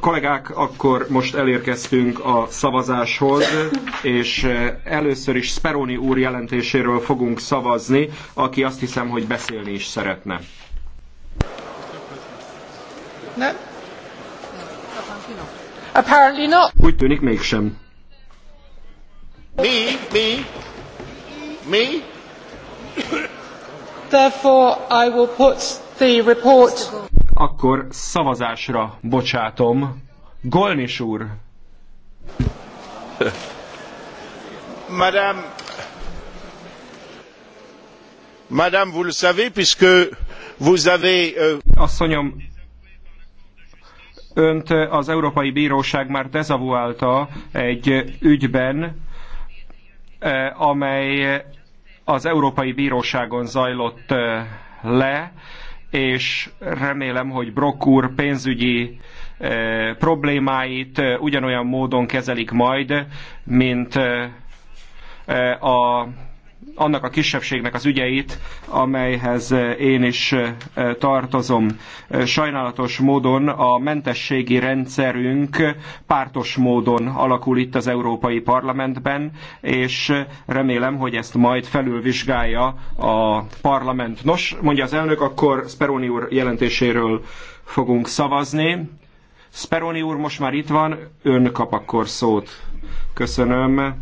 Kollégák, akkor most elérkeztünk a szavazáshoz, és először is Speroni úr jelentéséről fogunk szavazni, aki azt hiszem, hogy beszélni is szeretne. No. Apparently not. Úgy tűnik mégsem. Me, me, me. Therefore I will put the report akkor szavazásra bocsátom. Golnis úr! Madame, Madame, vous le savez, puisque vous avez... Euh... Asszonyom, önt az Európai Bíróság már dezavuálta egy ügyben, eh, amely az Európai Bíróságon zajlott eh, le, és remélem, hogy Brock úr pénzügyi eh, problémáit eh, ugyanolyan módon kezelik majd, mint eh, a annak a kisebbségnek az ügyeit, amelyhez én is tartozom. Sajnálatos módon a mentességi rendszerünk pártos módon alakul itt az Európai Parlamentben, és remélem, hogy ezt majd felülvizsgálja a parlament. Nos, mondja az elnök, akkor Speroni úr jelentéséről fogunk szavazni. Speroni úr most már itt van, ön kap akkor szót. Köszönöm,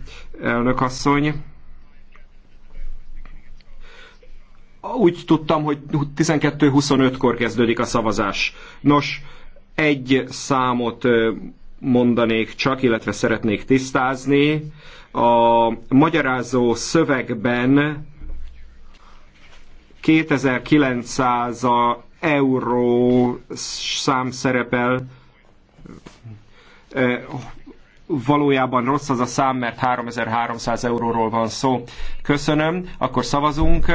elnök asszony. úgy tudtam, hogy 12-25-kor kezdődik a szavazás. Nos, egy számot mondanék csak, illetve szeretnék tisztázni. A magyarázó szövegben 2900 euró szám szerepel, valójában rossz az a szám, mert 3300 euróról van szó. Köszönöm, akkor szavazunk.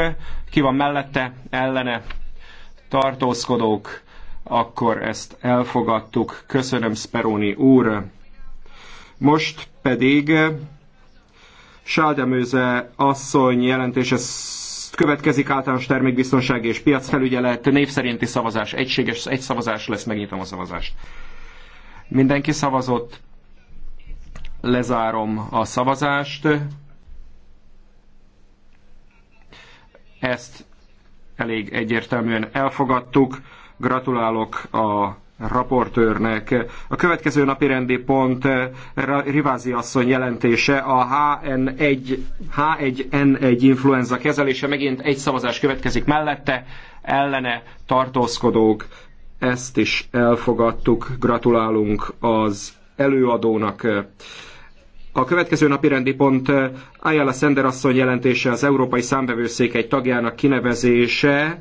Ki van mellette, ellene, tartózkodók, akkor ezt elfogadtuk. Köszönöm, Speroni úr. Most pedig Sáldemőze asszony jelentése következik általános termékbiztonság és piacfelügyelet, név szerinti szavazás, egységes, egy szavazás lesz, megnyitom a szavazást. Mindenki szavazott, Lezárom a szavazást. Ezt elég egyértelműen elfogadtuk. Gratulálok a raportőrnek. A következő napi rendi pont Rivázi asszony jelentése a HN1, H1N1 influenza kezelése. Megint egy szavazás következik mellette, ellene tartózkodók. Ezt is elfogadtuk. Gratulálunk az előadónak. A következő napi rendi pont eh, Ayala Sender asszony jelentése az Európai Számbevőszék egy tagjának kinevezése.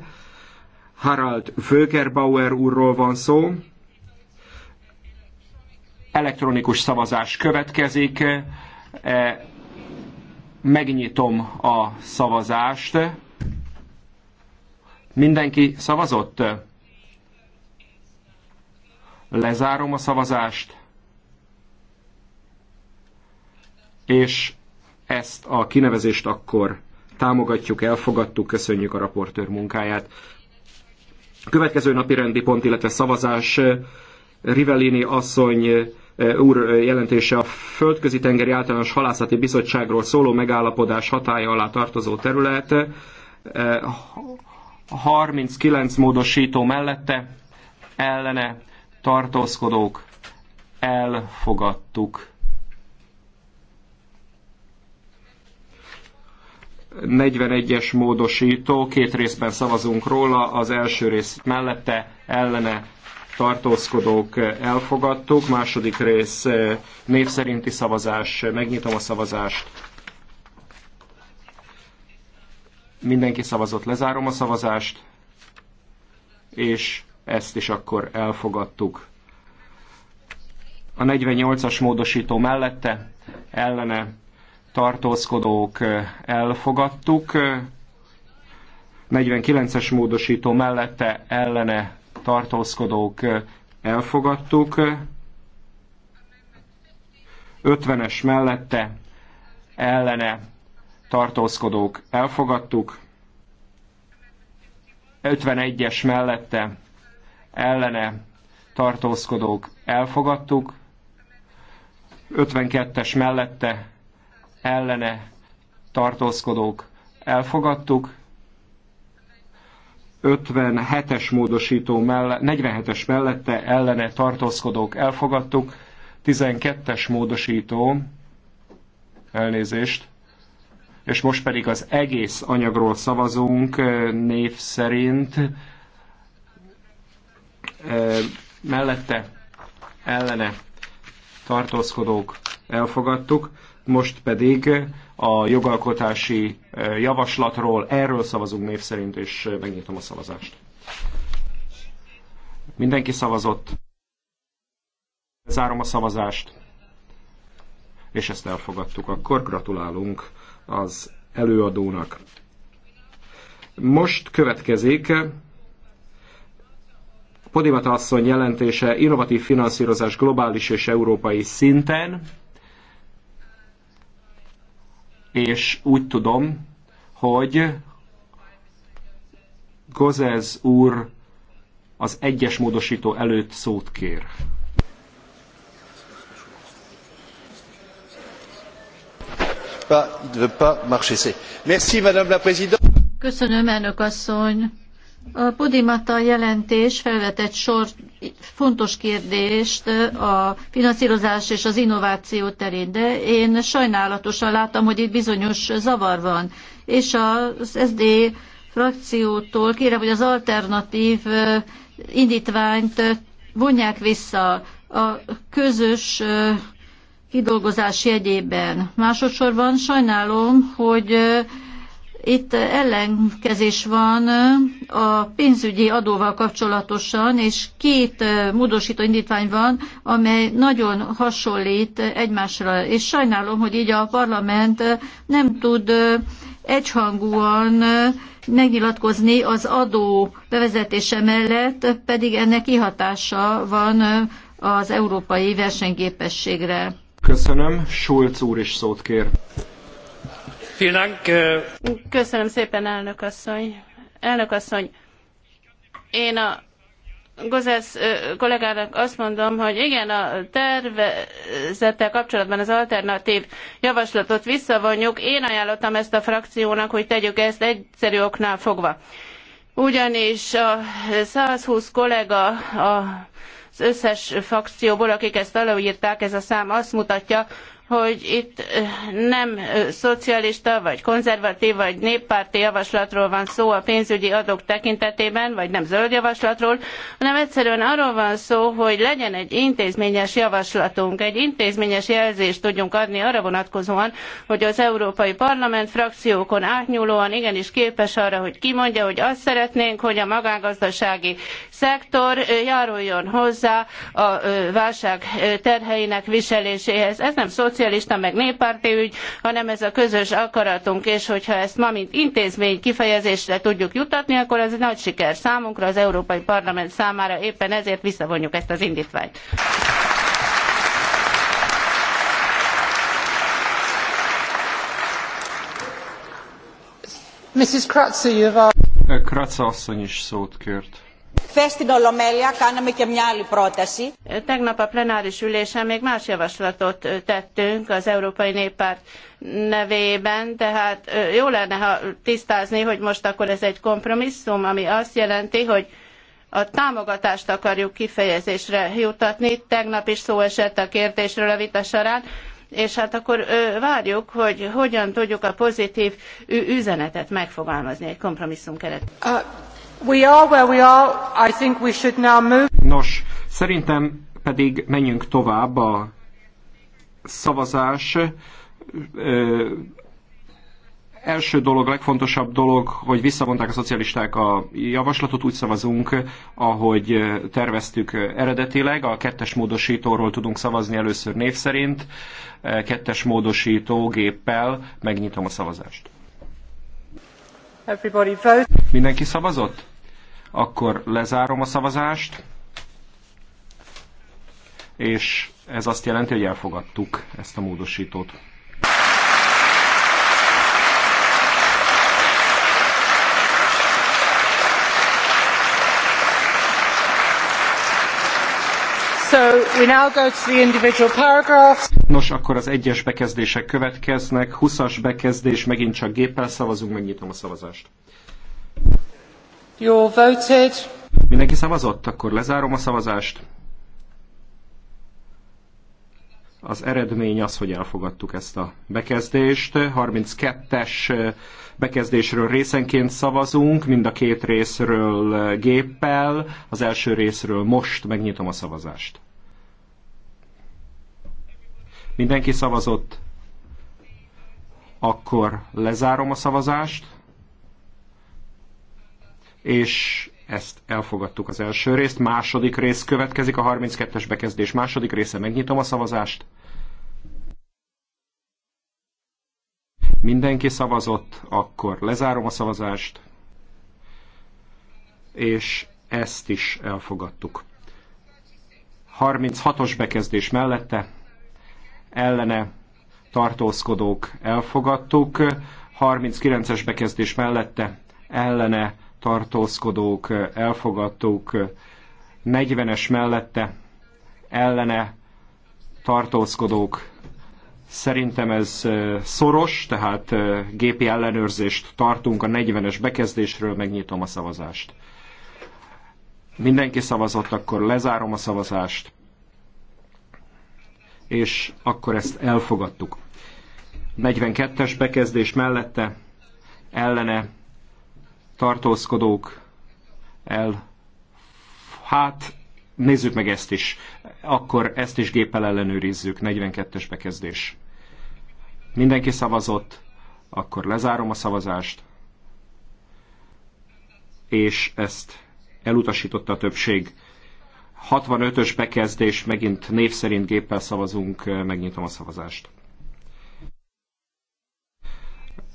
Harald Vögerbauer úrról van szó. Elektronikus szavazás következik. Eh, megnyitom a szavazást. Mindenki szavazott? Lezárom a szavazást. és ezt a kinevezést akkor támogatjuk, elfogadtuk, köszönjük a raportőr munkáját. Következő napi rendi pont, illetve szavazás Rivellini asszony eh, úr eh, jelentése a Földközi Tengeri Általános Halászati Bizottságról szóló megállapodás hatája alá tartozó terület. 39 eh, módosító mellette ellene tartózkodók elfogadtuk. 41-es módosító, két részben szavazunk róla, az első rész mellette, ellene tartózkodók elfogadtuk, második rész eh, név szerinti szavazás, megnyitom a szavazást. Mindenki szavazott, lezárom a szavazást, és ezt is akkor elfogadtuk. A 48-as módosító mellette, ellene tartózkodók elfogadtuk, 49-es módosító mellette ellene tartózkodók elfogadtuk, 50-es mellette ellene tartózkodók elfogadtuk, 51-es mellette ellene tartózkodók elfogadtuk, 52-es mellette ellene tartózkodók elfogadtuk, 57-es módosító mellett, 47-es mellette ellene tartózkodók elfogadtuk, 12-es módosító, elnézést, és most pedig az egész anyagról szavazunk eh, név szerint, eh, mellette ellene tartózkodók elfogadtuk, most pedig eh, a jogalkotási eh, javaslatról erről szavazunk név szerint, és eh, megnyitom a szavazást. Mindenki szavazott. Zárom a szavazást. És ezt elfogadtuk. Akkor gratulálunk az előadónak. Most következik Podivata asszony jelentése innovatív finanszírozás globális és európai szinten és úgy tudom, hogy Gozez úr az egyes módosító előtt szót kér. Köszönöm, elnök asszony! A Podimata jelentés felvetett sor fontos kérdést a finanszírozás és az innováció terén, de én sajnálatosan láttam, hogy itt bizonyos zavar van, és az SD frakciótól kérem, hogy az alternatív indítványt vonják vissza a közös kidolgozás jegyében. Másodszorban sajnálom, hogy itt ellenkezés van a pénzügyi adóval kapcsolatosan, és két módosító indítvány van, amely nagyon hasonlít egymásra. És sajnálom, hogy így a parlament nem tud egyhangúan megnyilatkozni az adó bevezetése mellett, pedig ennek kihatása van az európai versenyképességre. Köszönöm. Schulz úr is szót kér. Äh, Köszönöm szépen, elnök asszony. Elnök asszony, én a Gozesz kollégának azt mondom, hogy igen, a tervezettel kapcsolatban az alternatív javaslatot visszavonjuk. Én ajánlottam ezt a frakciónak, hogy tegyük ezt egyszerű oknál fogva. Ugyanis a 120 kollega a az összes frakcióból, akik ezt aláírták, ez a szám azt mutatja, hogy itt nem szocialista, vagy konzervatív, vagy néppárti javaslatról van szó a pénzügyi adók tekintetében, vagy nem zöld javaslatról, hanem egyszerűen arról van szó, hogy legyen egy intézményes javaslatunk, egy intézményes jelzést tudjunk adni arra vonatkozóan, hogy az Európai Parlament frakciókon átnyúlóan igenis képes arra, hogy kimondja, hogy azt szeretnénk, hogy a magángazdasági szektor járuljon hozzá a válság terheinek viseléséhez. Ez nem szó szocialista, meg néppárti ügy, hanem ez a közös akaratunk, és hogyha ezt ma, mint intézmény kifejezésre tudjuk jutatni, akkor ez egy nagy siker számunkra, az Európai Parlament számára, éppen ezért visszavonjuk ezt az indítványt. Mrs. Kratza, Kratza asszony is szót kért. Χθε στην Ολομέλεια κάναμε και μια άλλη Tegnap a plenáris ülésen még más javaslatot tettünk az Európai Néppárt nevében, tehát jó lenne, ha tisztázni, hogy most akkor ez egy kompromisszum, ami azt jelenti, hogy a támogatást akarjuk kifejezésre jutatni. Tegnap is szó esett a kérdésről a vita során, és hát akkor várjuk, hogy hogyan tudjuk a pozitív üzenetet megfogalmazni egy kompromisszum keretében. Nos, szerintem pedig menjünk tovább a szavazás. Ö, első dolog, legfontosabb dolog, hogy visszavonták a szocialisták a javaslatot, úgy szavazunk, ahogy terveztük eredetileg. A kettes módosítóról tudunk szavazni először név szerint. Kettes módosító géppel megnyitom a szavazást. Mindenki szavazott? Akkor lezárom a szavazást, és ez azt jelenti, hogy elfogadtuk ezt a módosítót. Nos, akkor az egyes bekezdések következnek. 20-as bekezdés, megint csak géppel szavazunk, megnyitom a szavazást. You're voted. Mindenki szavazott? Akkor lezárom a szavazást. Az eredmény az, hogy elfogadtuk ezt a bekezdést. 32-es bekezdésről részenként szavazunk, mind a két részről géppel, az első részről most megnyitom a szavazást. Mindenki szavazott? Akkor lezárom a szavazást, és ezt elfogadtuk az első részt. Második rész következik, a 32-es bekezdés második része. Megnyitom a szavazást. Mindenki szavazott, akkor lezárom a szavazást, és ezt is elfogadtuk. 36-os bekezdés mellette ellene tartózkodók elfogadtuk, 39-es bekezdés mellette ellene tartózkodók elfogadtuk, 40-es mellette ellene tartózkodók. Szerintem ez szoros, tehát gépi ellenőrzést tartunk a 40-es bekezdésről, megnyitom a szavazást. Mindenki szavazott, akkor lezárom a szavazást és akkor ezt elfogadtuk. 42-es bekezdés mellette ellene tartózkodók el... Hát, nézzük meg ezt is. Akkor ezt is géppel ellenőrizzük. 42-es bekezdés. Mindenki szavazott, akkor lezárom a szavazást, és ezt elutasította a többség. 65-ös bekezdés, megint név szerint géppel szavazunk, megnyitom a szavazást.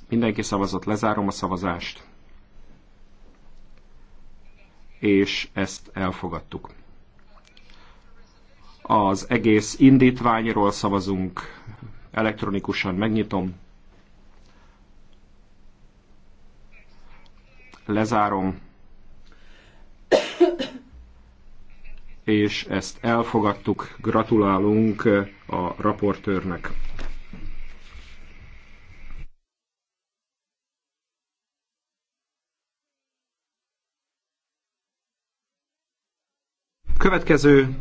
Mindenki szavazott, lezárom a szavazást. És ezt elfogadtuk. Az egész indítványról szavazunk, elektronikusan megnyitom. Lezárom. és ezt elfogadtuk. Gratulálunk a raportőrnek. Következő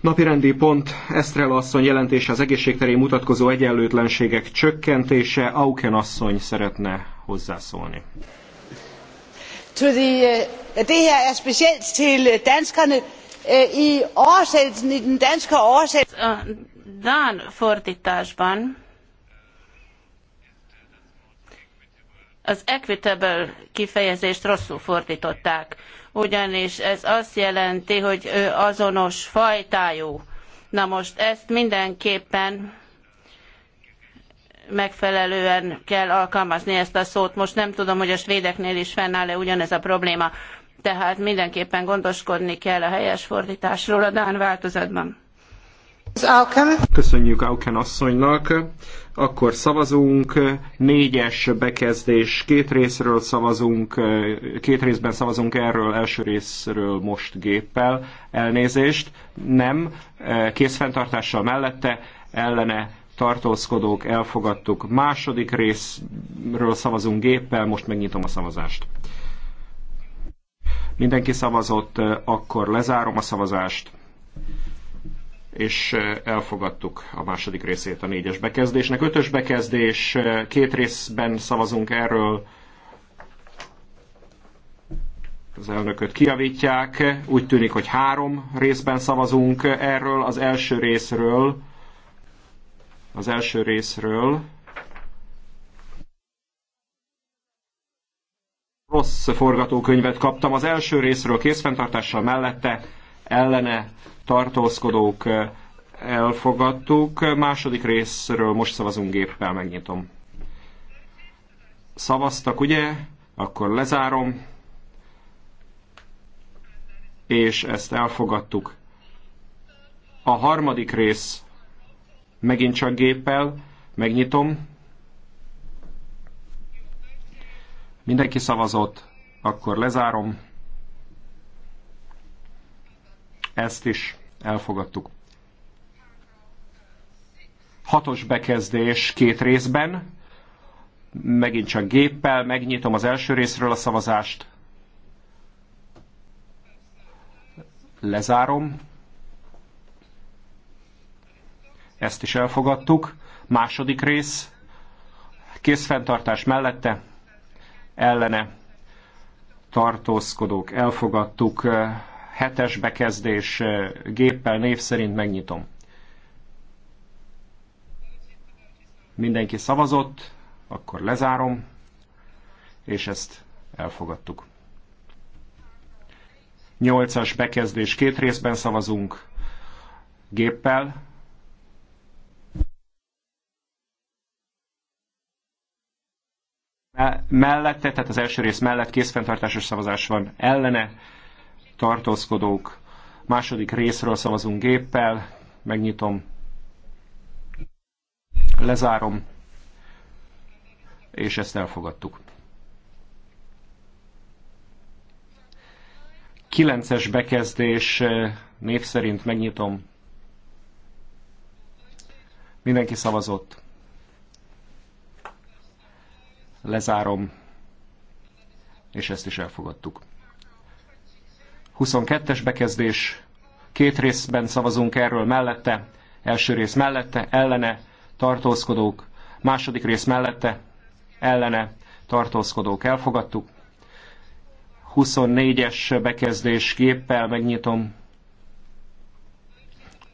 Napirendi pont Esztrel asszony jelentése az egészségterén mutatkozó egyenlőtlenségek csökkentése. Auken asszony szeretne hozzászólni. Øh, det her er specielt til øh, danskerne. Øh, I oversættelsen, i den danske oversættelse... A dán fordításban az equitable kifejezést rosszul fordították, ugyanis ez azt jelenti, hogy azonos fajtájú. Na most ezt mindenképpen megfelelően kell alkalmazni ezt a szót. Most nem tudom, hogy a svédeknél is fennáll-e ugyanez a probléma. Tehát mindenképpen gondoskodni kell a helyes fordításról a Dán változatban. Köszönjük Auken asszonynak. Akkor szavazunk, négyes bekezdés, két részről szavazunk, két részben szavazunk erről, első részről most géppel, elnézést, nem, készfenntartással mellette, ellene tartózkodók, elfogadtuk. Második részről szavazunk géppel, most megnyitom a szavazást. Mindenki szavazott, akkor lezárom a szavazást, és elfogadtuk a második részét a négyes bekezdésnek. Ötös bekezdés, két részben szavazunk erről, az elnököt kiavítják. Úgy tűnik, hogy három részben szavazunk erről, az első részről az első részről. Rossz forgatókönyvet kaptam. Az első részről készfenntartással mellette ellene tartózkodók eh, elfogadtuk. Második részről most szavazunk géppel, megnyitom. Szavaztak, ugye? Akkor lezárom. És ezt elfogadtuk. A harmadik rész Megint csak géppel. Megnyitom. Mindenki szavazott. Akkor lezárom. Ezt is elfogadtuk. Hatos bekezdés két részben. Megint csak géppel. Megnyitom az első részről a szavazást. Lezárom. ezt is elfogadtuk. Második rész, készfenntartás mellette, ellene tartózkodók, elfogadtuk. Hetes bekezdés géppel név szerint megnyitom. Mindenki szavazott, akkor lezárom, és ezt elfogadtuk. Nyolcas bekezdés, két részben szavazunk géppel, mellette, tehát az első rész mellett készfenntartásos szavazás van ellene, tartózkodók, második részről szavazunk géppel, megnyitom, lezárom, és ezt elfogadtuk. Kilences bekezdés név szerint megnyitom. Mindenki szavazott lezárom, és ezt is elfogadtuk. 22-es bekezdés, két részben szavazunk erről mellette, első rész mellette, ellene, tartózkodók, második rész mellette, ellene, tartózkodók, elfogadtuk. 24-es bekezdés géppel megnyitom.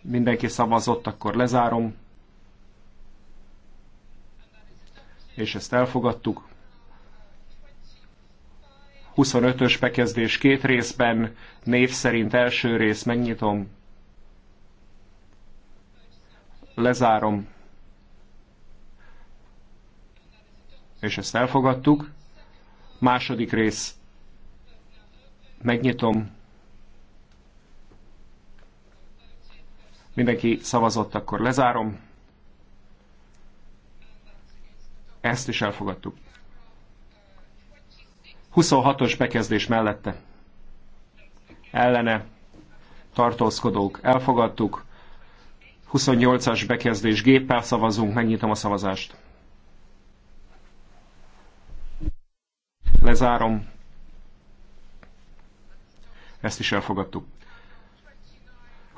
Mindenki szavazott, akkor lezárom. és ezt elfogadtuk. 25-ös bekezdés két részben, név szerint első rész, megnyitom, lezárom, és ezt elfogadtuk. Második rész, megnyitom, mindenki szavazott, akkor lezárom. Ezt is elfogadtuk. 26-os bekezdés mellette. Ellene tartózkodók elfogadtuk. 28-as bekezdés géppel szavazunk, megnyitom a szavazást. Lezárom. Ezt is elfogadtuk.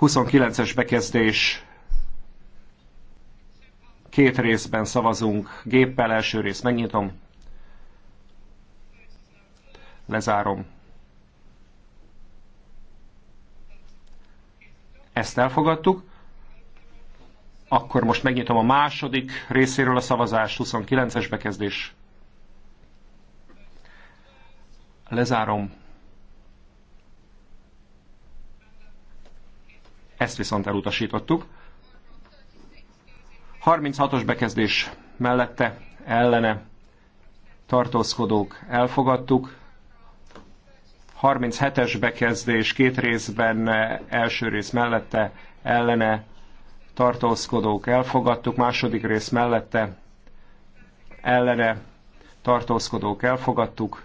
29-es bekezdés Két részben szavazunk géppel, első rész megnyitom. Lezárom. Ezt elfogadtuk. Akkor most megnyitom a második részéről a szavazást, 29-es bekezdés. Lezárom. Ezt viszont elutasítottuk. 36-os bekezdés mellette ellene tartózkodók elfogadtuk. 37-es bekezdés két részben első rész mellette ellene tartózkodók elfogadtuk, második rész mellette ellene tartózkodók elfogadtuk.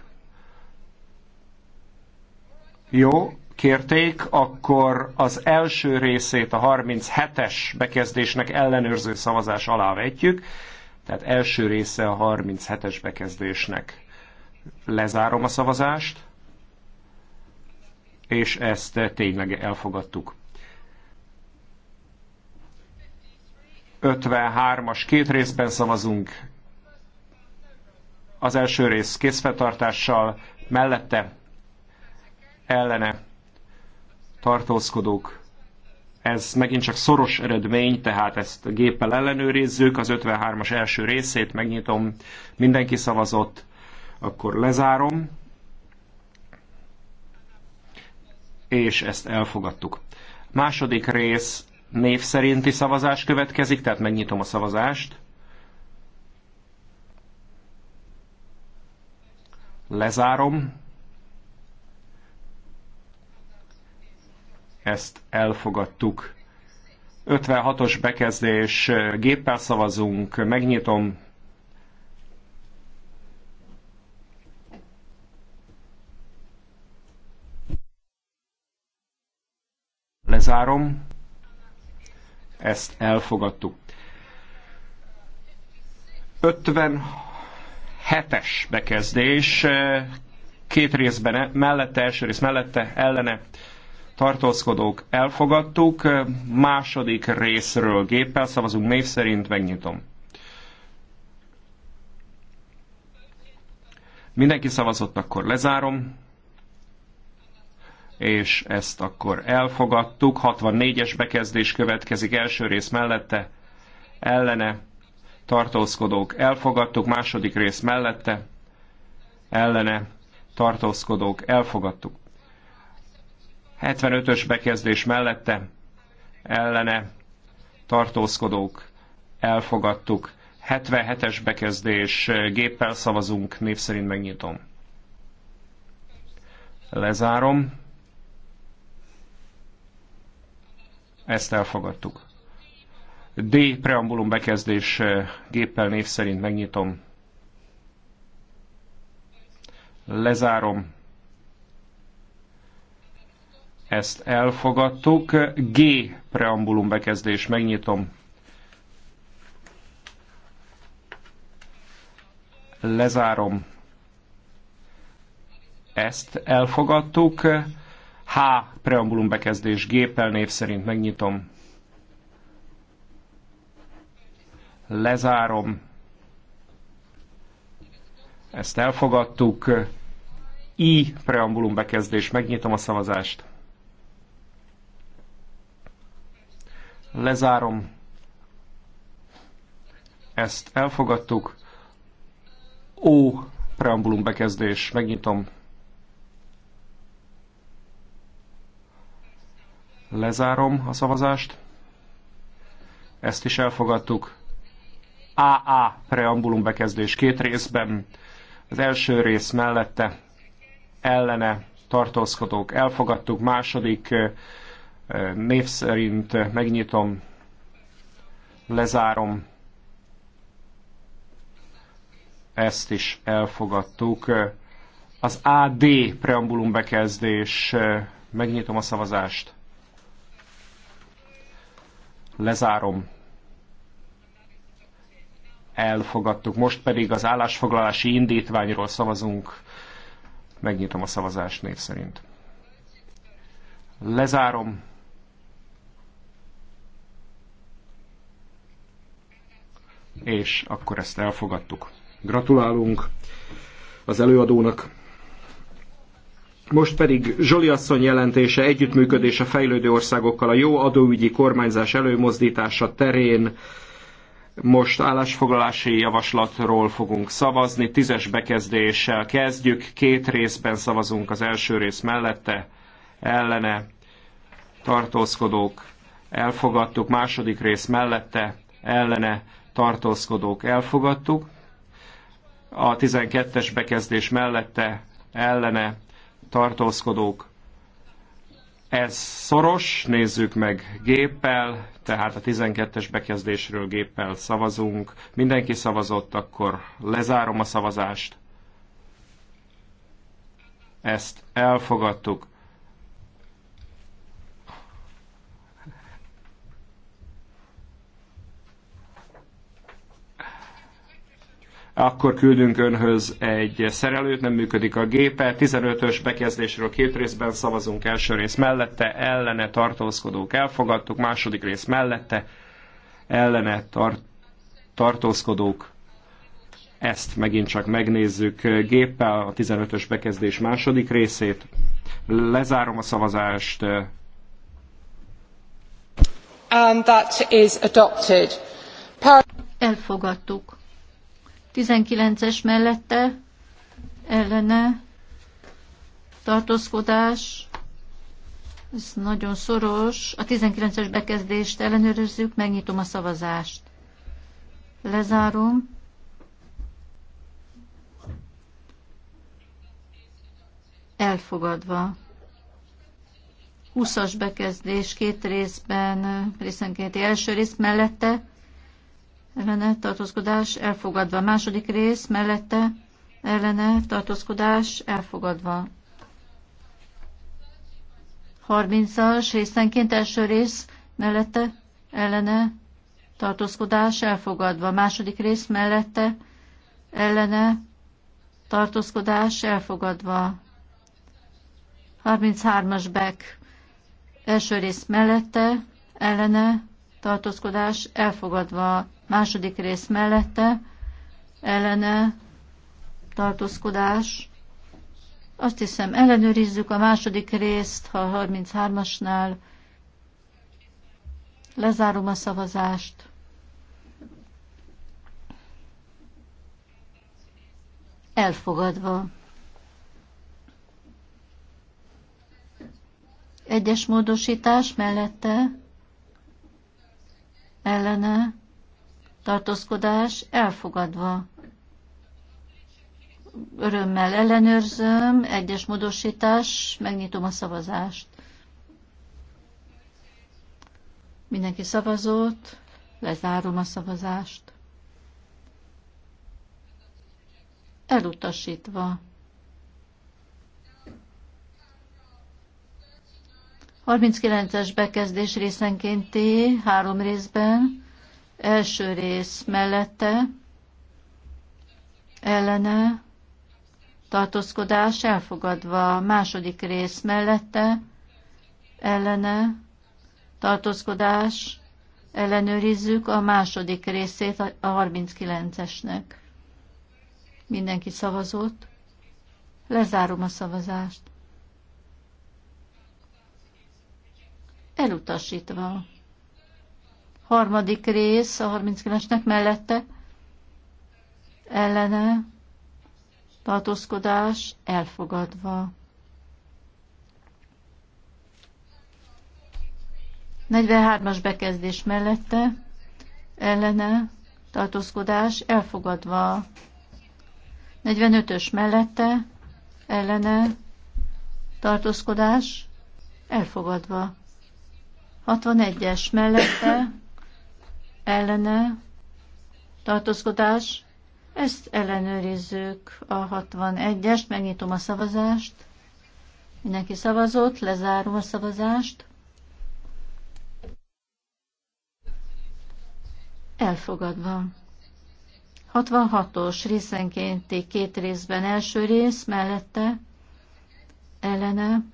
Jó, kérték, akkor az első részét a 37-es bekezdésnek ellenőrző szavazás alá vetjük, tehát első része a 37-es bekezdésnek. Lezárom a szavazást, és ezt tényleg elfogadtuk. 53-as két részben szavazunk. Az első rész készfetartással, mellette, ellene, tartózkodók. Ez megint csak szoros eredmény, tehát ezt géppel ellenőrizzük. Az 53-as első részét megnyitom, mindenki szavazott, akkor lezárom. És ezt elfogadtuk. Második rész név szerinti szavazás következik, tehát megnyitom a szavazást. Lezárom. ezt elfogadtuk. 56-os bekezdés, géppel szavazunk, megnyitom. Lezárom. Ezt elfogadtuk. 57-es bekezdés, két részben e- mellette, első rész mellette, ellene tartózkodók elfogadtuk. Második részről géppel szavazunk név szerint, megnyitom. Mindenki szavazott, akkor lezárom és ezt akkor elfogadtuk. 64-es bekezdés következik első rész mellette, ellene tartózkodók elfogadtuk, második rész mellette, ellene tartózkodók elfogadtuk. 75-ös bekezdés mellette ellene tartózkodók elfogadtuk. 77-es bekezdés, géppel szavazunk, név szerint megnyitom. Lezárom. Ezt elfogadtuk. D. Preambulum bekezdés, géppel név szerint megnyitom. Lezárom. Ezt elfogadtuk. G preambulum bekezdés. Megnyitom. Lezárom. Ezt elfogadtuk. H preambulum bekezdés. Géppel név szerint megnyitom. Lezárom. Ezt elfogadtuk. I preambulum bekezdés. Megnyitom a szavazást. Lezárom. Ezt elfogadtuk. Ó, preambulum bekezdés. Megnyitom. Lezárom a szavazást. Ezt is elfogadtuk. AA preambulum bekezdés két részben. Az első rész mellette ellene tartózkodók elfogadtuk, második Név szerint megnyitom, lezárom. Ezt is elfogadtuk. Az AD preambulum bekezdés. Megnyitom a szavazást. Lezárom elfogadtuk. Most pedig az állásfoglalási indítványról szavazunk. Megnyitom a szavazást név szerint. Lezárom. és akkor ezt elfogadtuk. Gratulálunk az előadónak. Most pedig Zsoli asszony jelentése együttműködés a fejlődő országokkal a jó adóügyi kormányzás előmozdítása terén. Most állásfoglalási javaslatról fogunk szavazni. Tízes bekezdéssel kezdjük. Két részben szavazunk az első rész mellette, ellene, tartózkodók, elfogadtuk. Második rész mellette, ellene, tartózkodók elfogadtuk, a 12-es bekezdés mellette ellene tartózkodók. Ez szoros, nézzük meg géppel, tehát a 12-es bekezdésről géppel szavazunk. Mindenki szavazott, akkor lezárom a szavazást. Ezt elfogadtuk. akkor küldünk önhöz egy szerelőt, nem működik a gépe, 15-ös bekezdésről két részben szavazunk, első rész mellette, ellene tartózkodók elfogadtuk, második rész mellette, ellene tar- tartózkodók ezt megint csak megnézzük géppel, a 15-ös bekezdés második részét. Lezárom a szavazást. And that is adopted. Elfogadtuk. 19-es mellette ellene tartózkodás, ez nagyon szoros. A 19-es bekezdést ellenőrizzük, megnyitom a szavazást. Lezárom. Elfogadva. 20-as bekezdés két részben, részenkénti első rész mellette ellene tartózkodás elfogadva. Második rész mellette ellene tartózkodás elfogadva. 30-as részenként első rész mellette ellene tartózkodás elfogadva. Második rész mellette ellene tartózkodás elfogadva. 33-as Beck első rész mellette ellene tartózkodás elfogadva. Második rész mellette ellene tartózkodás. Azt hiszem, ellenőrizzük a második részt, ha 33-asnál lezárom a szavazást. Elfogadva. Egyes módosítás mellette ellene tartózkodás elfogadva. Örömmel ellenőrzöm, egyes módosítás, megnyitom a szavazást. Mindenki szavazott, lezárom a szavazást. Elutasítva. 39-es bekezdés részenkénti, három részben. Első rész mellette, ellene, tartózkodás elfogadva. Második rész mellette, ellene, tartózkodás, ellenőrizzük a második részét a 39-esnek. Mindenki szavazott. Lezárom a szavazást. Elutasítva harmadik rész a 39-nek mellette ellene tartózkodás elfogadva. 43-as bekezdés mellette ellene tartózkodás elfogadva. 45-ös mellette ellene tartózkodás elfogadva. 61-es mellette ellene tartózkodás. Ezt ellenőrizzük a 61-est, megnyitom a szavazást. Mindenki szavazott, lezárom a szavazást. Elfogadva. 66-os részenkénti két részben első rész, mellette ellene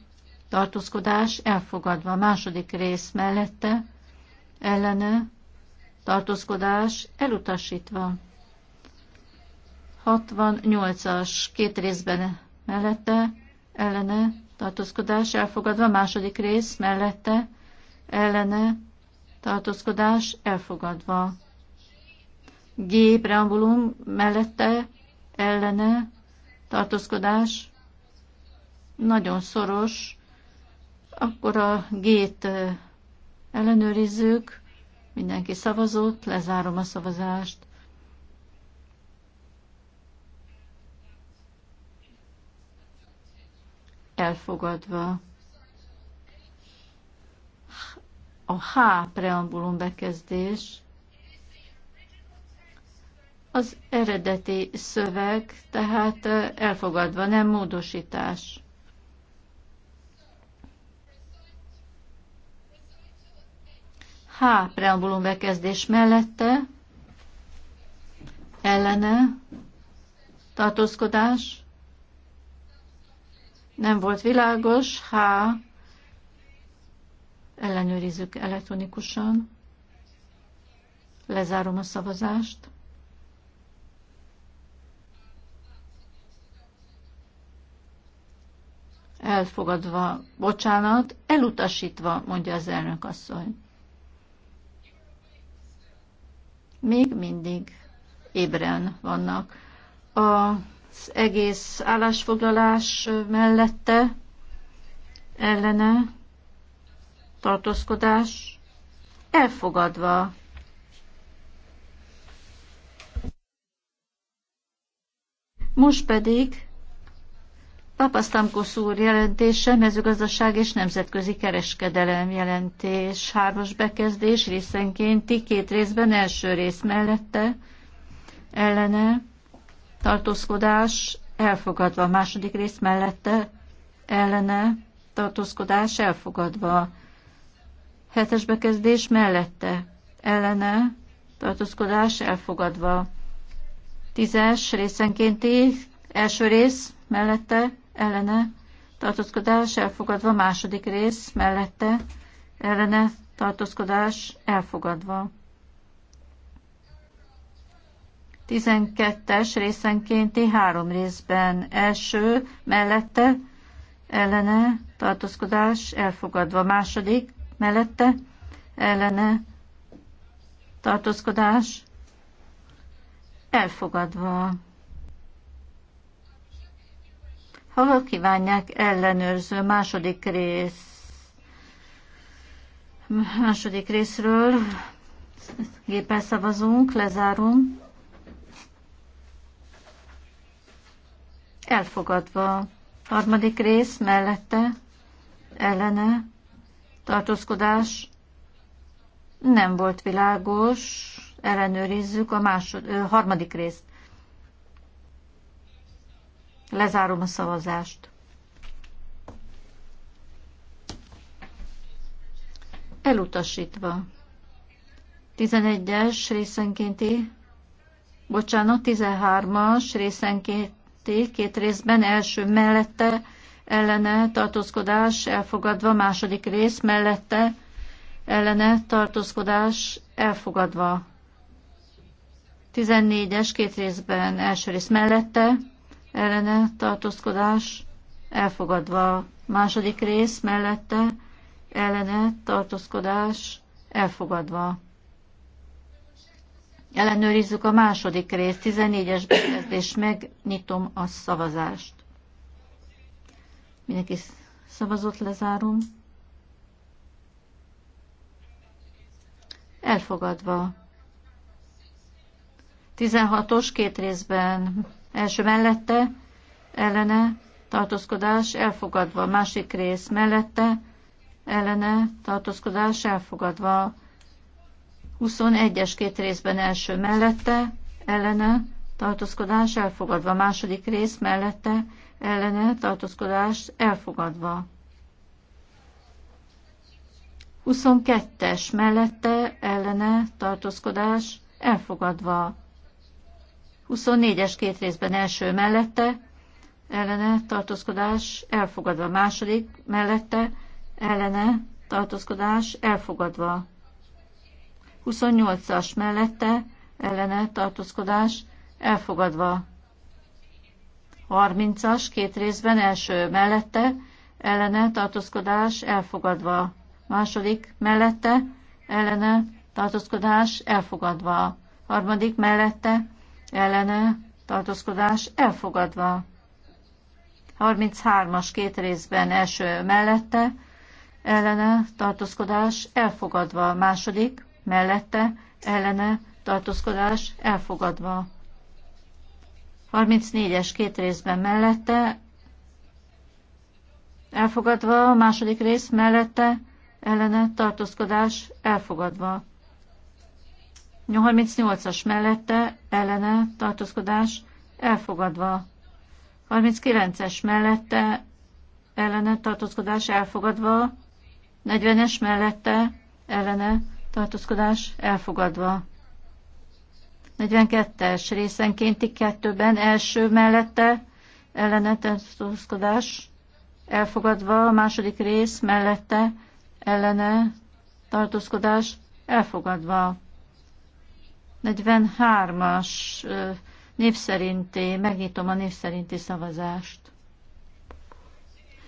tartózkodás elfogadva. Második rész mellette ellene tartózkodás elutasítva. 68-as két részben mellette, ellene, tartózkodás elfogadva, második rész mellette, ellene, tartózkodás elfogadva. G. Preambulum mellette, ellene, tartózkodás nagyon szoros, akkor a G-t eh, ellenőrizzük, Mindenki szavazott, lezárom a szavazást. Elfogadva. A H preambulum bekezdés az eredeti szöveg, tehát eh, elfogadva, nem módosítás. H preambulum bekezdés mellette ellene tartózkodás nem volt világos, H ellenőrizzük elektronikusan, lezárom a szavazást. elfogadva, bocsánat, elutasítva, mondja az elnök asszony. még mindig ébren vannak. Az egész állásfoglalás mellette ellene tartózkodás elfogadva. Most pedig Papasztamkosz úr jelentése, mezőgazdaság és nemzetközi kereskedelem jelentés, hármas bekezdés részenkénti, két részben, első rész mellette, ellene, tartózkodás, elfogadva, második rész mellette, ellene, tartózkodás, elfogadva, hetes bekezdés mellette, ellene, tartózkodás, elfogadva, tízes részenkénti, első rész mellette, ellene tartózkodás elfogadva, második rész mellette ellene tartózkodás elfogadva. 12-es részenkénti három részben első mellette ellene tartózkodás elfogadva, második mellette ellene tartózkodás elfogadva. Ha kívánják, ellenőrző második rész második részről géppel szavazunk, lezárom. Elfogadva. Harmadik rész mellette, ellene, tartózkodás. Nem volt világos, ellenőrizzük a másod, ö, harmadik részt. Lezárom a szavazást. Elutasítva. 11-es részenkénti, bocsánat, 13-as részenkénti, két részben, első mellette, ellene tartózkodás elfogadva, második rész mellette, ellene tartózkodás elfogadva. 14-es két részben, első rész mellette, ellene tartózkodás elfogadva. Második rész mellette ellene tartózkodás elfogadva. Ellenőrizzük a második részt, 14-es bekezdés, megnyitom a szavazást. Mindenki szavazott, lezárom. Elfogadva. 16-os két részben Első mellette, ellene, tartózkodás elfogadva. Másik rész mellette, ellene, tartózkodás elfogadva. 21-es két részben első mellette, ellene, tartózkodás elfogadva. Második rész mellette, ellene, tartózkodás elfogadva. 22-es mellette, ellene, tartózkodás elfogadva. 24-es két részben első mellette, ellene tartózkodás elfogadva. Második mellette, ellene tartózkodás elfogadva. 28-as mellette, ellene tartózkodás elfogadva. 30-as két részben első mellette, ellene tartózkodás elfogadva. Második mellette, ellene tartózkodás elfogadva. Harmadik mellette, ellene tartózkodás elfogadva. 33-as két részben első mellette ellene tartózkodás elfogadva. Második mellette ellene tartózkodás elfogadva. 34-es két részben mellette elfogadva, második rész mellette ellene tartózkodás elfogadva. 38-as mellette ellene tartózkodás elfogadva. 39-es mellette ellene tartózkodás elfogadva. 40-es mellette ellene tartózkodás elfogadva. 42-es részenkénti kettőben első mellette ellene tartózkodás elfogadva, a második rész mellette ellene tartózkodás elfogadva. 43-as népszerinti, megnyitom a népszerinti szavazást.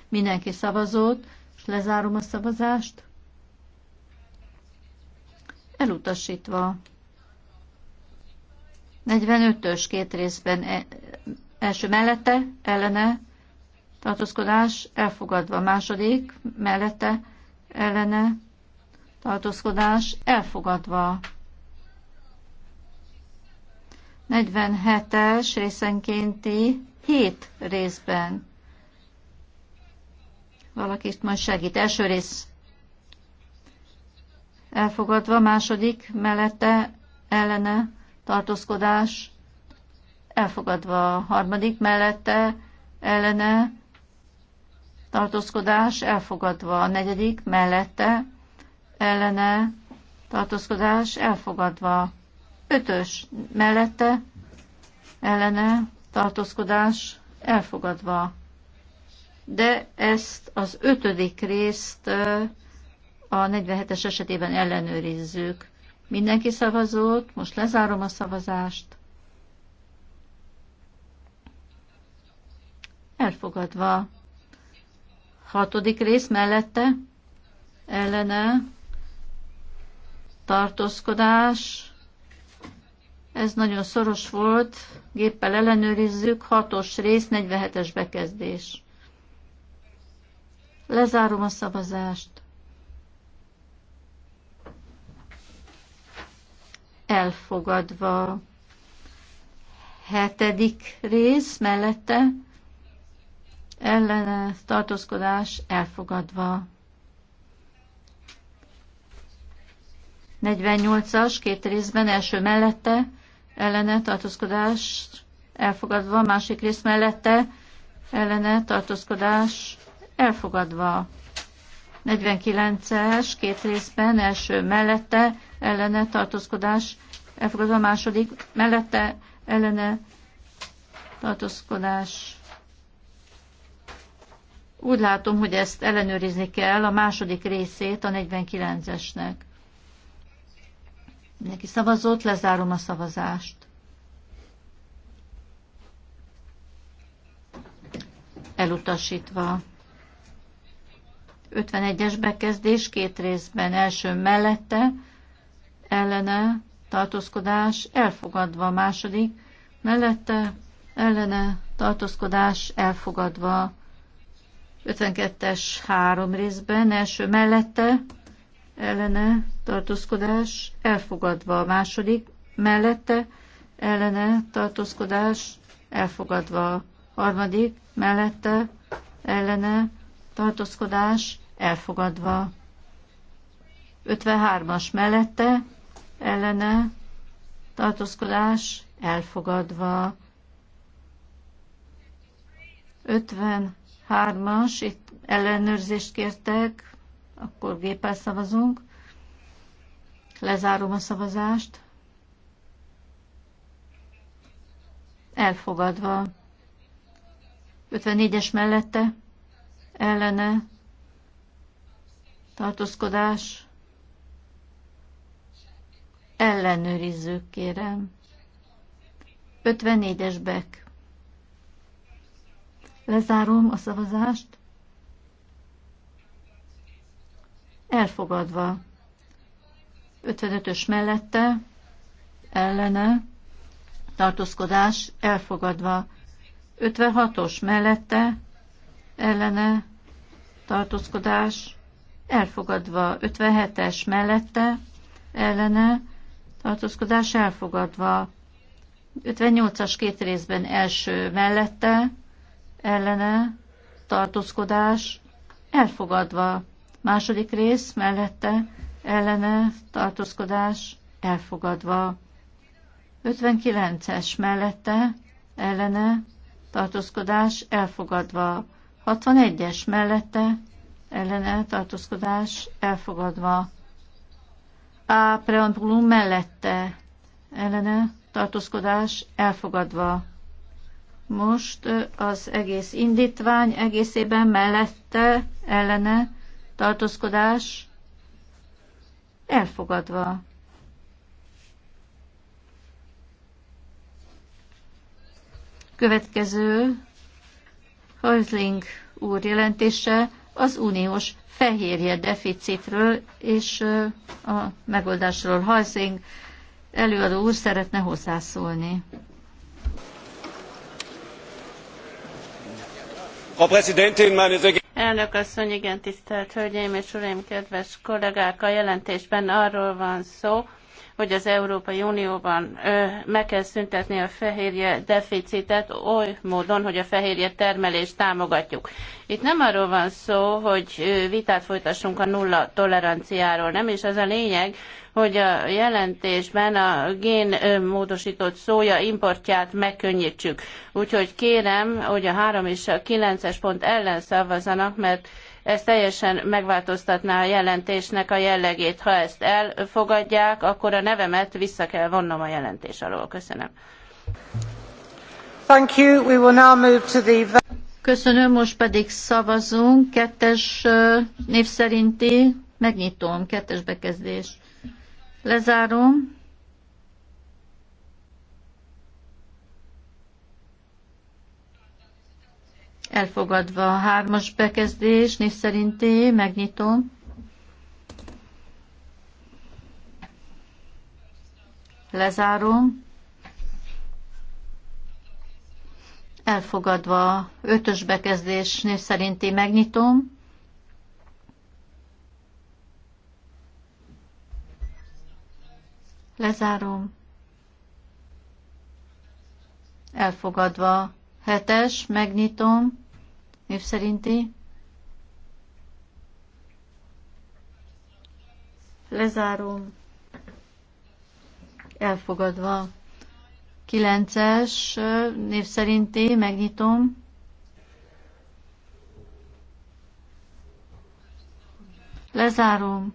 Mindenki szavazott, és lezárom a szavazást. Elutasítva. 45-ös két részben e, első mellette, ellene, tartózkodás, elfogadva második, mellette, ellene, tartózkodás, elfogadva. 47-es részenkénti 7 részben. Valakit majd segít. Első rész elfogadva, második mellette ellene tartózkodás elfogadva, harmadik mellette ellene tartózkodás elfogadva, a negyedik mellette ellene tartózkodás elfogadva, Ötös mellette ellene tartózkodás elfogadva. De ezt az ötödik részt a 47-es esetében ellenőrizzük. Mindenki szavazott, most lezárom a szavazást. Elfogadva. Hatodik rész mellette ellene tartózkodás ez nagyon szoros volt, géppel ellenőrizzük, 6-os rész, 47-es bekezdés. Lezárom a szavazást. Elfogadva. Hetedik rész mellette ellene tartózkodás elfogadva. 48-as két részben első mellette ellene tartózkodást elfogadva, másik rész mellette ellene tartózkodás elfogadva. 49-es két részben, első mellette ellene tartózkodás elfogadva, második mellette ellene tartózkodás. Úgy látom, hogy ezt ellenőrizni kell a második részét a 49-esnek. Neki szavazott, lezárom a szavazást. Elutasítva. 51-es bekezdés két részben, első mellette, ellene, tartózkodás, elfogadva, második, mellette, ellene, tartózkodás, elfogadva, 52-es három részben, első mellette, ellene tartózkodás elfogadva. A második mellette ellene tartózkodás elfogadva. A harmadik mellette ellene tartózkodás elfogadva. 53-as mellette ellene tartózkodás elfogadva. 53-as, itt ellenőrzést kértek, akkor géppel szavazunk. Lezárom a szavazást. Elfogadva. 54-es mellette, ellene, tartózkodás, ellenőrizzük, kérem. 54-es bek. Lezárom a szavazást. elfogadva. 55-ös mellette, ellene, tartózkodás, elfogadva. 56-os mellette, ellene, tartózkodás, elfogadva. 57-es mellette, ellene, tartózkodás, elfogadva. 58-as két részben első mellette, ellene, tartózkodás, elfogadva. Második rész mellette ellene tartózkodás elfogadva. 59-es mellette ellene tartózkodás elfogadva. 61-es mellette ellene tartózkodás elfogadva. A preambulum mellette ellene tartózkodás elfogadva. Most az egész indítvány egészében mellette ellene tartózkodás elfogadva. Következő Heusling úr jelentése az uniós fehérje deficitről és a megoldásról. Heusling előadó úr szeretne hozzászólni. Frau Präsidentin, meine sehr Elnök asszony, igen, tisztelt Hölgyeim és Uraim, kedves kollégák, a jelentésben arról van szó, hogy az Európai Unióban ö, meg kell szüntetni a fehérje deficitet oly módon, hogy a fehérje termelést támogatjuk. Itt nem arról van szó, hogy vitát folytassunk a nulla toleranciáról, nem is az a lényeg, hogy a jelentésben a génmódosított szója importját megkönnyítsük. Úgyhogy kérem, hogy a 3 és a 9-es pont ellen szavazzanak, mert ez teljesen megváltoztatná a jelentésnek a jellegét. Ha ezt elfogadják, akkor a nevemet vissza kell vonnom a jelentés alól. Köszönöm. Thank you. We will now move to the... Köszönöm, most pedig szavazunk. Kettes név szerinti, megnyitom, kettes bekezdés. Lezárom. Elfogadva a hármas bekezdés, név szerinti, megnyitom. Lezárom. Elfogadva ötös bekezdés, név szerinti, megnyitom. Lezárom. Elfogadva hetes, megnyitom név szerinti. Lezárom. Elfogadva. Kilences, név szerinti, megnyitom. Lezárom.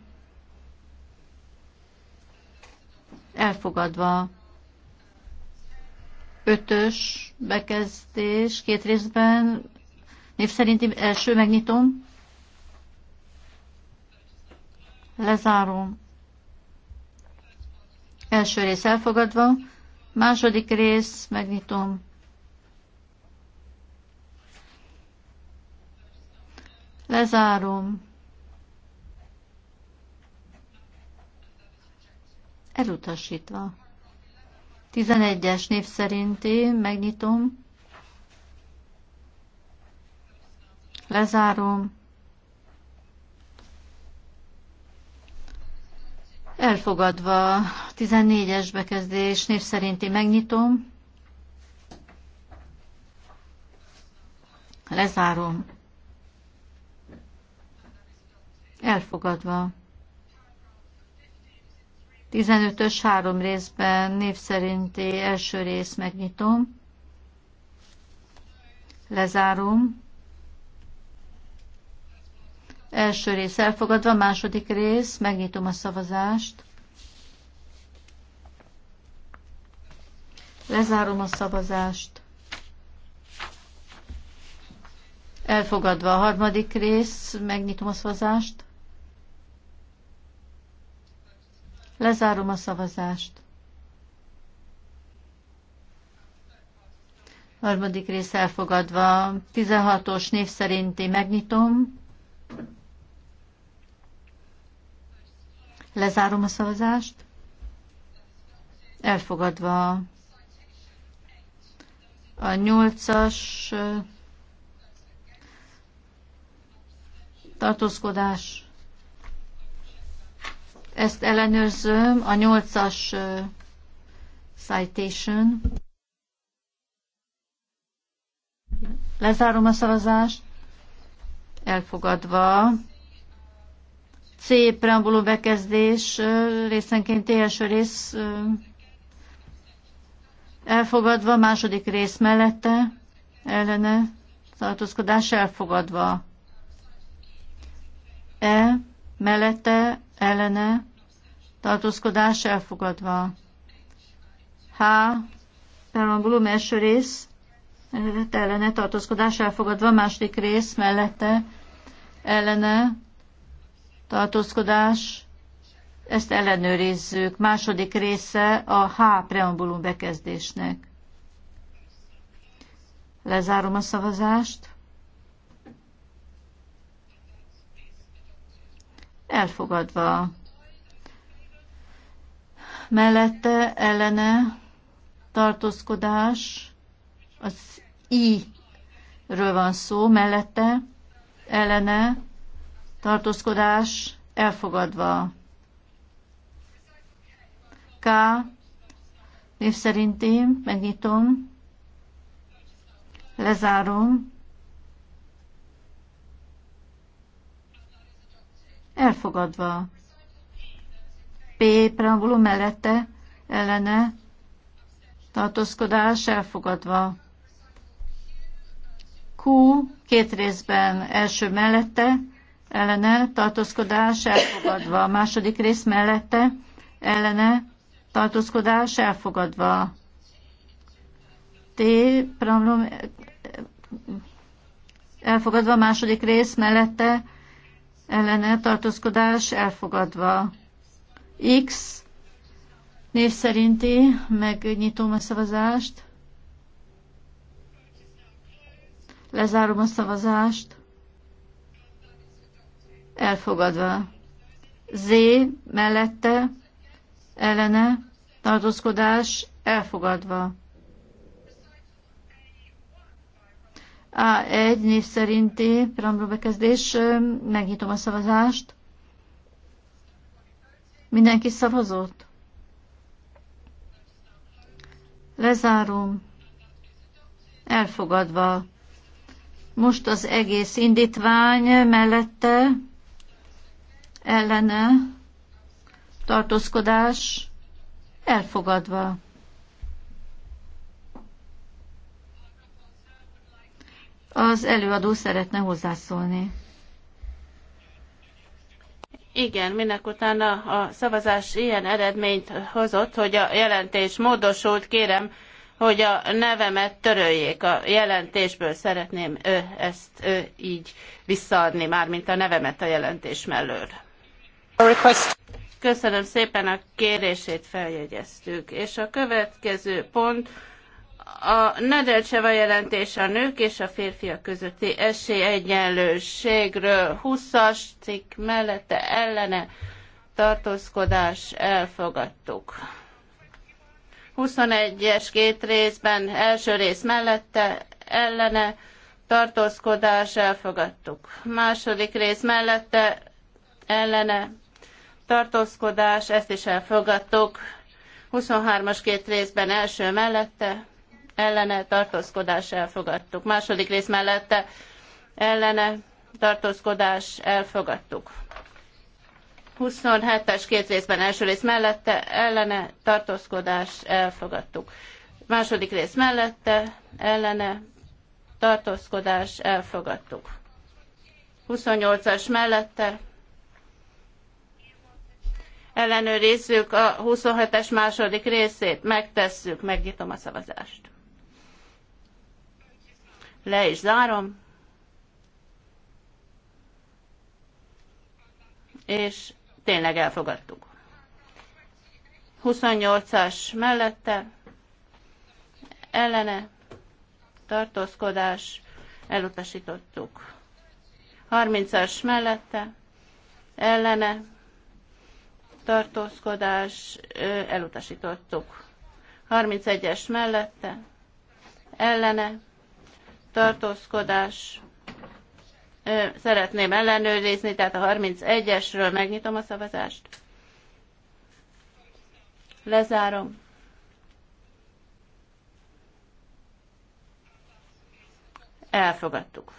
Elfogadva. Ötös bekezdés két részben Név szerinti első megnyitom. Lezárom. Első rész elfogadva. Második rész megnyitom. Lezárom. Elutasítva. 11-es név szerinti megnyitom. Lezárom. Elfogadva 14-es bekezdés név szerinti megnyitom. Lezárom. Elfogadva. 15-ös három részben név szerinti első rész megnyitom. Lezárom. Első rész elfogadva, második rész, megnyitom a szavazást. Lezárom a szavazást. Elfogadva a harmadik rész, megnyitom a szavazást. Lezárom a szavazást. Harmadik rész elfogadva. 16-os név szerinti megnyitom. Lezárom a szavazást. Elfogadva a nyolcas tartózkodás. Ezt ellenőrzöm, a nyolcas citation. Lezárom a szavazást. Elfogadva C preambuló bekezdés részenként első rész elfogadva, második rész mellette ellene tartózkodás elfogadva. E mellette ellene tartózkodás elfogadva. H preambuló első rész ellene tartózkodás elfogadva, második rész mellette ellene tartózkodás, ezt ellenőrizzük. Második része a H preambulum bekezdésnek. Lezárom a szavazást. Elfogadva. Mellette ellene tartózkodás, az I-ről van szó, mellette ellene tartózkodás elfogadva. K név szerinti, megnyitom, lezárom, elfogadva. P preambulum mellette ellene tartózkodás elfogadva. Q két részben első mellette ellene tartózkodás elfogadva. A második rész mellette ellene tartózkodás elfogadva. T. Pramlom elfogadva. A második rész mellette ellene tartózkodás elfogadva. X. Név szerinti megnyitom a szavazást. Lezárom a szavazást elfogadva. Z mellette ellene tartózkodás elfogadva. A1 név szerinti preambuló bekezdés, megnyitom a szavazást. Mindenki szavazott? Lezárom. Elfogadva. Most az egész indítvány mellette ellene tartózkodás elfogadva. Az előadó szeretne hozzászólni. Igen, minek utána a szavazás ilyen eredményt hozott, hogy a jelentés módosult, kérem, hogy a nevemet töröljék a jelentésből. Szeretném ezt így visszaadni, mármint a nevemet a jelentés mellől. Köszönöm szépen a kérését, feljegyeztük. És a következő pont a Nedelcseva jelentés a nők és a férfiak közötti esélyegyenlőségről 20-as cikk mellette ellene tartózkodás elfogadtuk. 21-es két részben első rész mellette ellene tartózkodás elfogadtuk. Második rész mellette ellene tartózkodás, ezt is elfogadtuk. 23-as két részben első mellette, ellene tartózkodás elfogadtuk. Második rész mellette ellene tartózkodás elfogadtuk. 27-es két részben első rész mellette ellene tartózkodás elfogadtuk. Második rész mellette ellene tartózkodás elfogadtuk. 28-as mellette ellenőrizzük a 27-es második részét, megtesszük, megnyitom a szavazást. Le is zárom. És tényleg elfogadtuk. 28-as mellette ellene tartózkodás elutasítottuk. 30-as mellette ellene tartózkodás elutasítottuk. 31-es mellette ellene tartózkodás szeretném ellenőrizni, tehát a 31-esről megnyitom a szavazást. Lezárom. Elfogadtuk.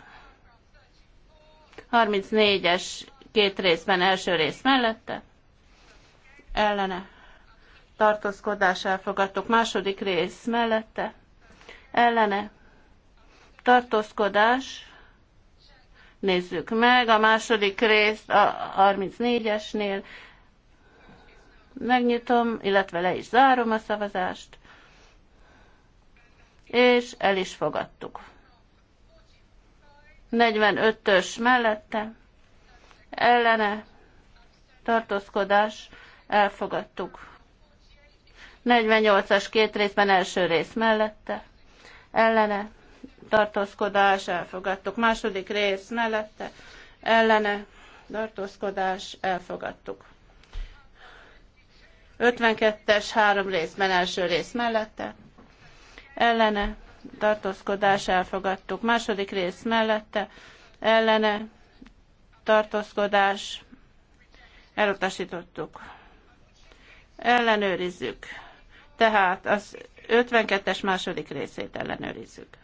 34-es két részben első rész mellette ellene tartózkodás elfogadtuk. Második rész mellette ellene tartózkodás. Nézzük meg a második részt a 34-esnél. Megnyitom, illetve le is zárom a szavazást. És el is fogadtuk. 45-ös mellette ellene tartózkodás elfogadtuk. 48-as két részben első rész mellette, ellene, tartózkodás, elfogadtuk. Második rész mellette, ellene, tartózkodás, elfogadtuk. 52-es három részben első rész mellette, ellene, tartózkodás, elfogadtuk. Második rész mellette, ellene, tartózkodás, elutasítottuk. Ellenőrizzük. Tehát az 52-es második részét ellenőrizzük.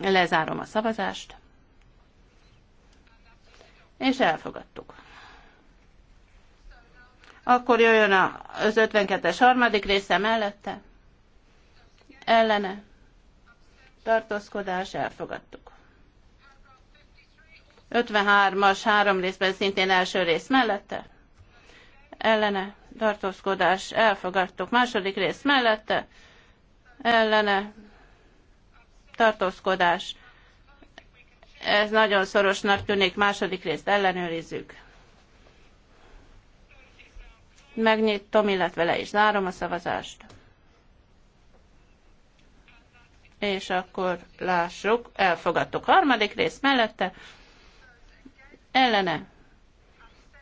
Lezárom a szavazást. És elfogadtuk. Akkor jöjjön az 52-es harmadik része mellette. Ellene. Tartózkodás, elfogadtuk. 53-as három részben szintén első rész mellette. Ellene tartózkodás elfogadtuk. Második rész mellette. Ellene tartózkodás. Ez nagyon szorosnak tűnik. Második részt ellenőrizzük. Megnyitom, illetve le is zárom a szavazást. És akkor lássuk, elfogadtuk harmadik rész mellette ellene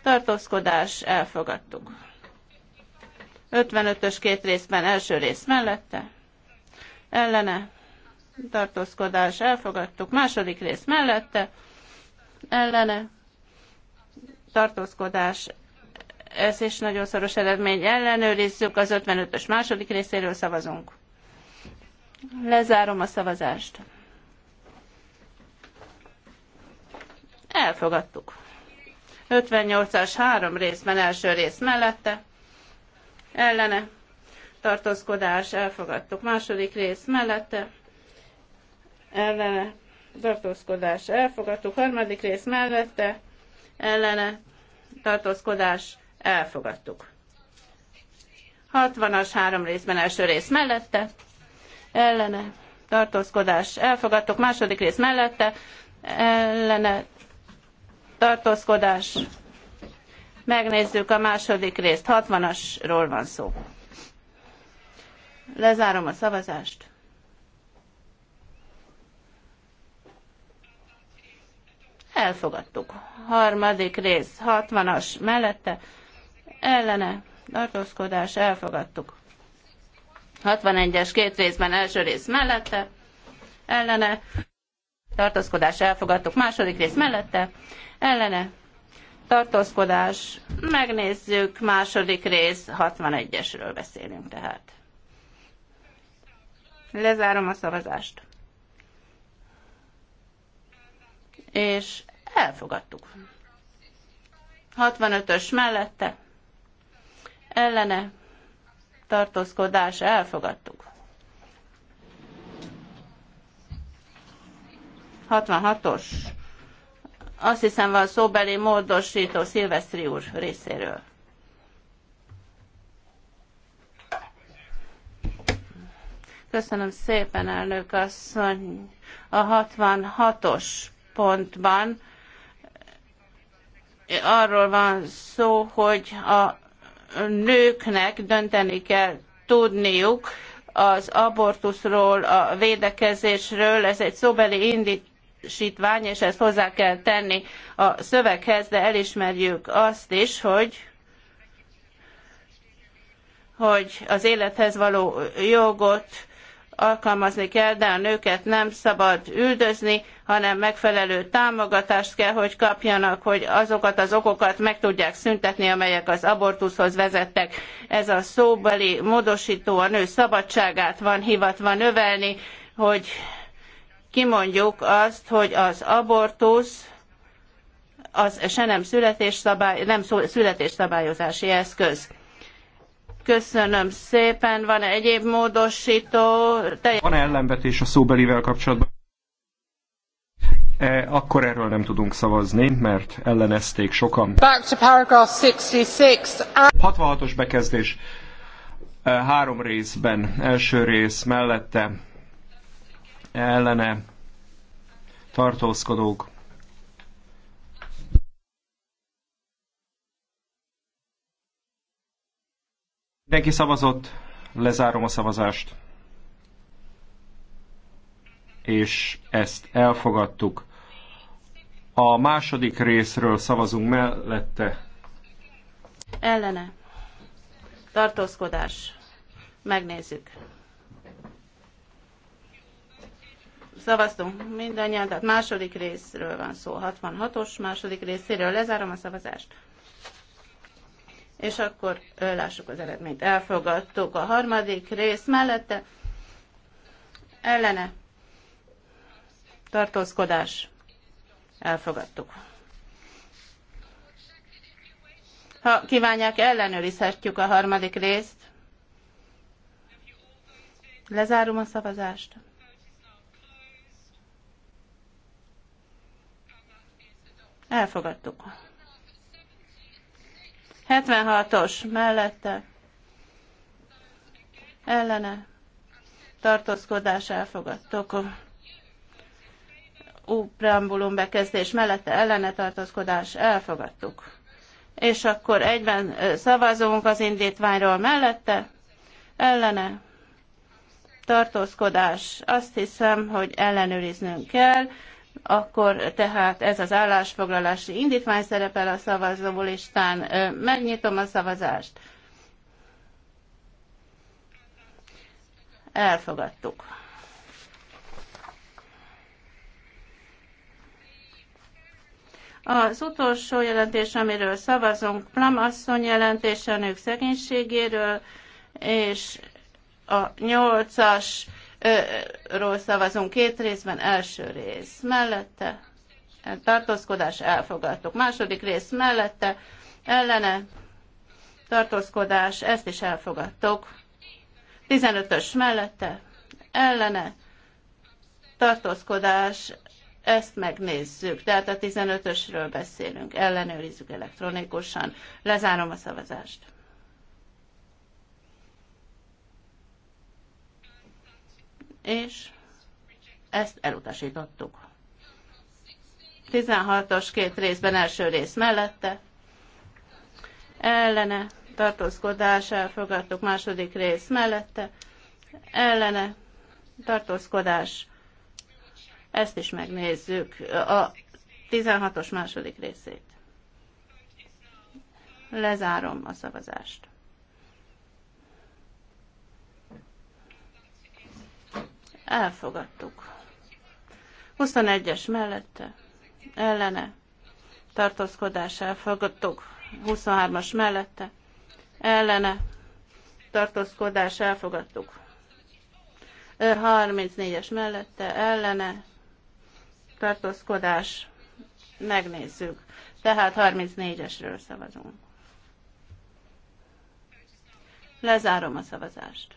tartózkodás elfogadtuk. 55-ös két részben első rész mellette ellene tartózkodás elfogadtuk. Második rész mellette ellene tartózkodás ez is nagyon szoros eredmény. Ellenőrizzük az 55-ös második részéről szavazunk. Lezárom a szavazást. Elfogadtuk. 58-as három részben első rész mellette, ellene, tartózkodás, elfogadtuk. Második rész mellette, ellene, tartózkodás, elfogadtuk. Harmadik rész mellette, ellene, tartózkodás, elfogadtuk. 60-as három részben első rész mellette, ellene, tartózkodás, elfogadtuk. Második rész mellette, ellene, tartózkodás. Megnézzük a második részt. 60-asról van szó. Lezárom a szavazást. Elfogadtuk. Harmadik rész, 60-as mellette, ellene, tartózkodás, elfogadtuk. 61-es két részben első rész mellette, ellene, tartózkodás elfogadtuk. Második rész mellette, ellene, tartózkodás, megnézzük, második rész, 61-esről beszélünk tehát. Lezárom a szavazást. És elfogadtuk. 65-ös mellette, ellene, tartózkodás, elfogadtuk. 66-os. Azt hiszem van szóbeli módosító Szilvesztri úr részéről. Köszönöm szépen, elnök asszony. A 66-os pontban arról van szó, hogy a nőknek dönteni kell tudniuk az abortuszról, a védekezésről. Ez egy szóbeli indít jogosítvány, és ezt hozzá kell tenni a szöveghez, de elismerjük azt is, hogy hogy az élethez való jogot alkalmazni kell, de a nőket nem szabad üldözni, hanem megfelelő támogatást kell, hogy kapjanak, hogy azokat az okokat meg tudják szüntetni, amelyek az abortuszhoz vezettek. Ez a szóbeli módosító a nő szabadságát van hivatva növelni, hogy kimondjuk azt, hogy az abortusz az se nem, születésszabály, nem születésszabályozási eszköz. Köszönöm szépen. Van -e egyéb módosító? Van -e ellenvetés a szóbelivel kapcsolatban? E, akkor erről nem tudunk szavazni, mert ellenezték sokan. Back to paragraph 66. 66-os bekezdés. E, három részben. Első rész mellette ellene tartózkodók. Mindenki szavazott, lezárom a szavazást. És ezt elfogadtuk. A második részről szavazunk mellette. Ellene. Tartózkodás. Megnézzük. Szavaztunk mindannyian, tehát második részről van szó, 66-os második részéről. Lezárom a szavazást. És akkor lássuk az eredményt. Elfogadtuk a harmadik rész mellette. Ellene. Tartózkodás. Elfogadtuk. Ha kívánják, ellenőrizhetjük a harmadik részt. Lezárom a szavazást. Elfogadtuk. 76-os mellette ellene tartózkodás elfogadtuk. Ú, preambulum bekezdés mellette ellene tartózkodás elfogadtuk. És akkor egyben szavazunk az indítványról mellette, ellene tartózkodás. Azt hiszem, hogy ellenőriznünk kell akkor tehát ez az állásfoglalási indítvány szerepel a szavazólistán. Megnyitom a szavazást. Elfogadtuk. Az utolsó jelentés, amiről szavazunk, Plam asszony jelentése a nők szegénységéről, és a nyolcas ról szavazunk két részben, első rész mellette, e, tartózkodás elfogadtuk. Második rész mellette, ellene, tartózkodás, ezt is elfogadtuk. 15-ös mellette, ellene, tartózkodás, ezt megnézzük. Tehát a 15-ösről beszélünk, ellenőrizzük elektronikusan. Lezárom a szavazást. és ezt elutasítottuk. 16-os két részben első rész mellette, ellene tartózkodás elfogadtuk második rész mellette, ellene tartózkodás, ezt is megnézzük, a 16-os második részét. Lezárom a szavazást. Elfogadtuk. 21-es mellette, ellene, tartózkodás elfogadtuk. 23-as mellette, ellene, tartózkodás elfogadtuk. 34-es mellette, ellene, tartózkodás, megnézzük. Tehát 34-esről szavazunk. Lezárom a szavazást.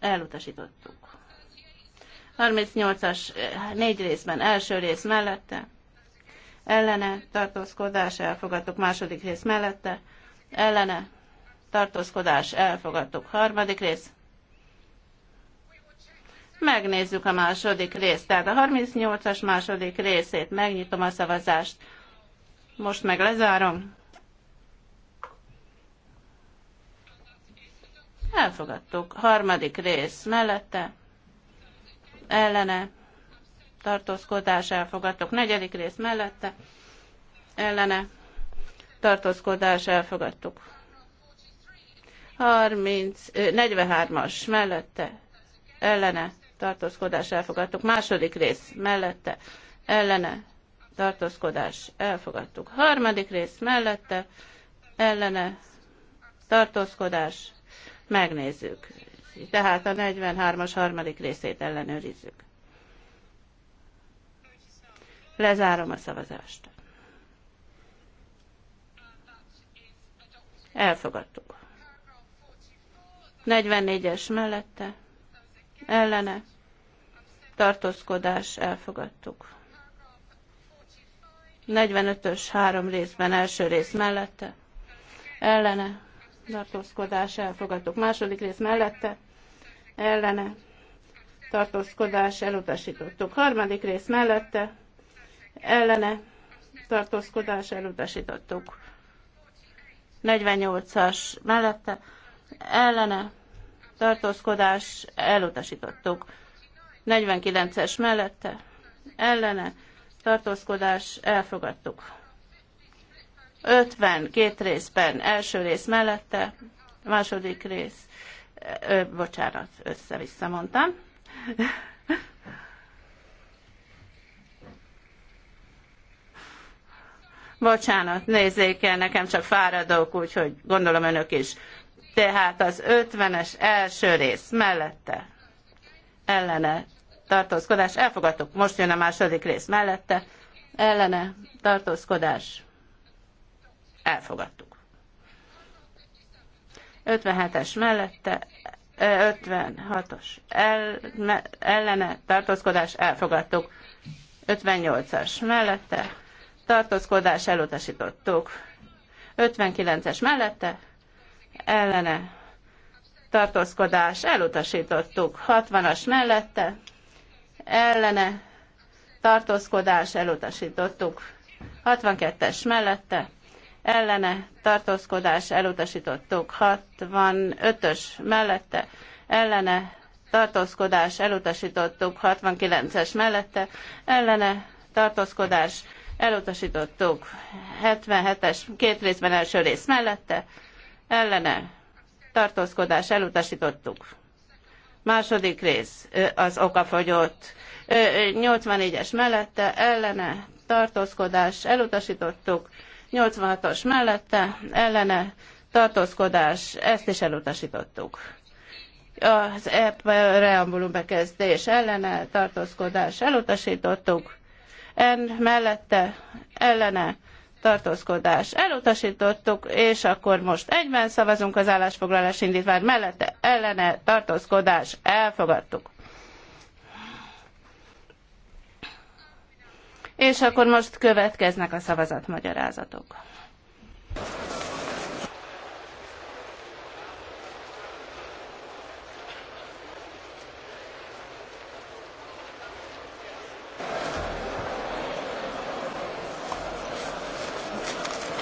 elutasítottuk. 38-as négy részben első rész mellette, ellene tartózkodás elfogadtuk második rész mellette, ellene tartózkodás elfogadtuk harmadik rész. Megnézzük a második részt, tehát a 38-as második részét, megnyitom a szavazást, most meg lezárom. Elfogadtuk. Harmadik rész mellette, ellene, tartózkodás, elfogadtuk. Negyedik rész mellette, ellene, tartózkodás, elfogadtuk. 30, 43-as mellette, ellene, tartózkodás, elfogadtuk. Második rész mellette, ellene, tartózkodás, elfogadtuk. Harmadik rész mellette, ellene, tartózkodás, Megnézzük. Tehát a 43-as harmadik részét ellenőrizzük. Lezárom a szavazást. Elfogadtuk. 44-es mellette, ellene, tartózkodás, elfogadtuk. 45-ös három részben első rész mellette, ellene, tartózkodás elfogadtuk. Második rész mellette ellene tartózkodás elutasítottuk. Harmadik rész mellette ellene tartózkodás elutasítottuk. 48-as mellette ellene tartózkodás elutasítottuk. 49-es mellette ellene tartózkodás elfogadtuk. 50 két részben, első rész mellette, második rész, ö, bocsánat, össze-vissza mondtam. Bocsánat, nézzék el, nekem csak fáradok, úgyhogy gondolom önök is. Tehát az 50-es első rész mellette ellene tartózkodás. Elfogadtuk, most jön a második rész mellette ellene tartózkodás. Elfogadtuk. 57-es mellette, 56-os el, ellene tartózkodás elfogadtuk. 58-as mellette tartózkodás elutasítottuk. 59-es mellette ellene tartózkodás elutasítottuk. 60-as mellette ellene tartózkodás elutasítottuk. 62-es mellette ellene tartózkodás elutasítottuk. 65-ös mellette ellene tartózkodás elutasítottuk. 69-es mellette ellene tartózkodás elutasítottuk. 77-es két részben első rész mellette ellene tartózkodás elutasítottuk. Második rész az okafogyott. 84-es mellette ellene tartózkodás elutasítottuk. 86-os mellette, ellene, tartózkodás, ezt is elutasítottuk. Az e preambulum bekezdés ellene, tartózkodás, elutasítottuk. En mellette, ellene, tartózkodás elutasítottuk, és akkor most egyben szavazunk az állásfoglalás indítvány mellette ellene tartózkodás elfogadtuk. és akkor most következnek a szavazatmagyarázatok.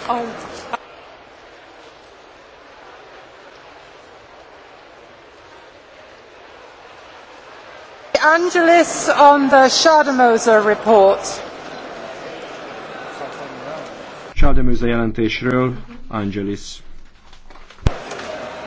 Oh. Angelis on the Schademoser report. Sáldemőze jelentésről, Angelis.